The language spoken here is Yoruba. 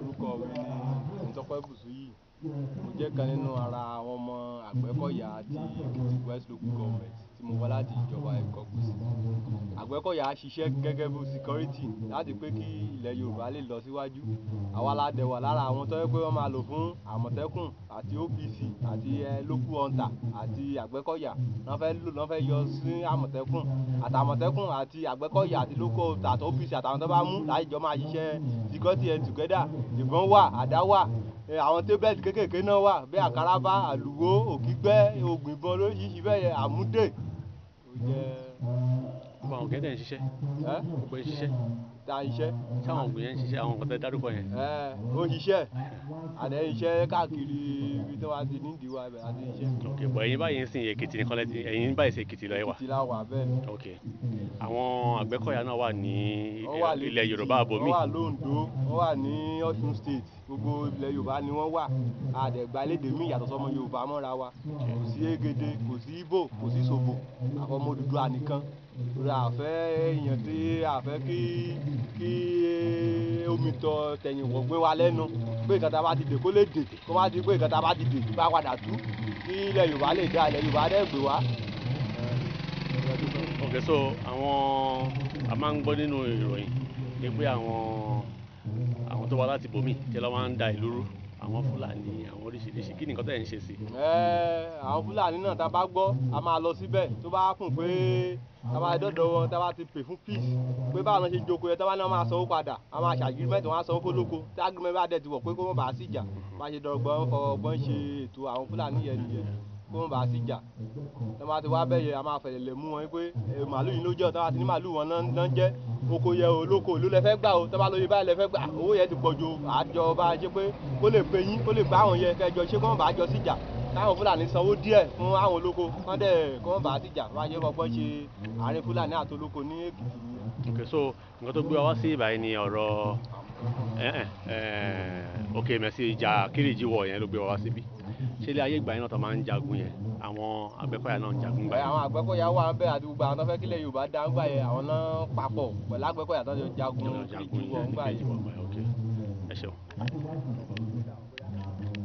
Orúkọ mi ni Temitope Busuyi. Mo jẹ́ kan nínú ara àwọn ọmọ Àgbẹ́kọ̀yà ti West Local Government tí mo wá láti ìjọba Ìkọgòsì. Àgbẹ̀kọ̀yà ṣiṣẹ́ gẹ́gẹ́ bí security láti pé kí ilẹ̀ Yorùbá lè lọ síwájú. Àwa la dẹ̀ wà lára àwọn tó pé wọ́n máa lò fún Àmọ̀tẹ́kùn àti OPC àti local hunter àti Àgbẹ̀kọ̀yà. Wọ́n fẹ́ lò, wọ́n fẹ́ yọ sí Àmọ̀tẹ́kùn àti àti Àgbẹ̀kọ̀yà àti local hunter àti OPC àtàwọn tó bá mú láti jọ máa ṣiṣẹ́ security and together. Ìbọn wà, àdá wà, àwọn tébẹ̀lì kéékèèké náà wà bí àkàràbà, àlùwò, òkígbẹ́, ògùn ìbọn lóríṣiríṣi bẹ́ẹ̀ àmúdè nǹkan tẹ̀ ń ṣiṣẹ́ gbogbo ẹ̀ ń ṣiṣẹ́ ta iṣẹ́ sáwọn ògùn yẹn ń ṣiṣẹ́ àwọn nǹkan tẹ̀ dárúkọ yẹn. ó ṣiṣẹ́ àdé iṣẹ́ káàkiri ibi tí wọ́n ti ní ìdíwọ́ ibẹ̀ àti iṣẹ́. ok bọ̀ ẹ̀yin báyìí ń sìn èkìtì nìkan lẹ́tì ẹ̀yin báyìí sí èkìtì lọ ẹ wà. èkìtì la wà bẹ́ẹ̀ ni. ok àwọn àgbẹ̀kọ̀yà náà wà ní ilẹ̀ yorùbá àbòmí. wọ́n wà lóńdó wọ́n wà ní ọ̀ṣun state gbogbo ilẹ̀ yorùbá ni wọ́n wà àdẹ̀gbà lédè mí ìyàtọ̀ sọmọ yorùbá mọ́ra wa kò sí egede kò sí ibo kò sí sobo àfọmọ́ Odùduwà nìkan torí a fẹ́ èèyàn a fẹ́ kí kí omi tọ tẹ̀yìn wọ̀ gbé wa lẹ́nu pé nǹkan tá ti dè kó lè dè kó má ti pé nǹkan tá ti dè bá padà tú kí ilẹ̀ Yorùbá lè dá ilẹ̀ Yorùbá dẹ́ gbé wa. ok so àwọn a máa ń gbọ́ nínú ìròyìn ni pé àwọn àwọn tó wá láti bòmí tí wọ́n máa ń da ìlú rú àwọn fúlàní àwọn oríṣiríṣi kí ni nǹkan tẹ̀ ń ṣe sí. ẹ àwọn fúlàní náà tá a bá gbọ́ a máa lọ síbẹ̀ tó bá kùn pé tá a bá dọ̀dọ̀ wọn tá a bá ti pè fún peace pé báwọn ṣe jókòó yẹn tá a bá ní wọn máa sanwó padà a máa ṣe agreement wọn á sanwó kólóko tí agreement bá dẹ̀ ti wọ̀ pé kó wọn bá a sì jà máa ṣe dọ̀gbọ́n ṣe ètò àwọn fúlàní yẹn nìyẹn kó wọn bá sí jà tó máa ti wá bẹ́yẹ a máa fẹ̀lẹ̀lẹ̀ mú wọn pé màálù yìí ló jẹ́ tó máa ti ní màálù wọn náà jẹ́ oko yẹ olóko ló lẹ fẹ́ gbà o tó bá lóye báyìí lẹ fẹ́ gbà owó yẹ ti pọ̀ ju àjọ bá a ṣe pé kó lè pe yín kó lè bá àwọn yẹ kẹjọ ṣé kó wọn bá jọ sí jà káwọn fúlàní sanwó díẹ̀ fún àwọn olóko kán dẹ̀ kán bá àtìjà wáyé ọgbọ́n ṣe àárín fúlàní àti olóko ní èkìtì. ok so nǹkan tó gbé wa wá sí ìbàyìí ni ọ̀rọ̀ eh, eh, eh, ok mẹ́sì ìjà kírìjì wọ̀ yẹn ló gbé wa wá síbí ṣẹlẹ̀ ayé ìgbà yẹn náà tó máa ń jagun yẹn àwọn Àgbẹ̀kọ̀yà náà ń jagun gbà. àwọn Àgbẹ̀kọ̀yà wà ń bẹ àti gbogbo àwọn tó fẹ́ kílẹ̀ Yorùbá dá ń gbà yẹn àwọn náà papọ̀ pẹ̀lú Àgbẹ̀kọ̀yà tó ń jagun kírìjì ń gbà yẹn.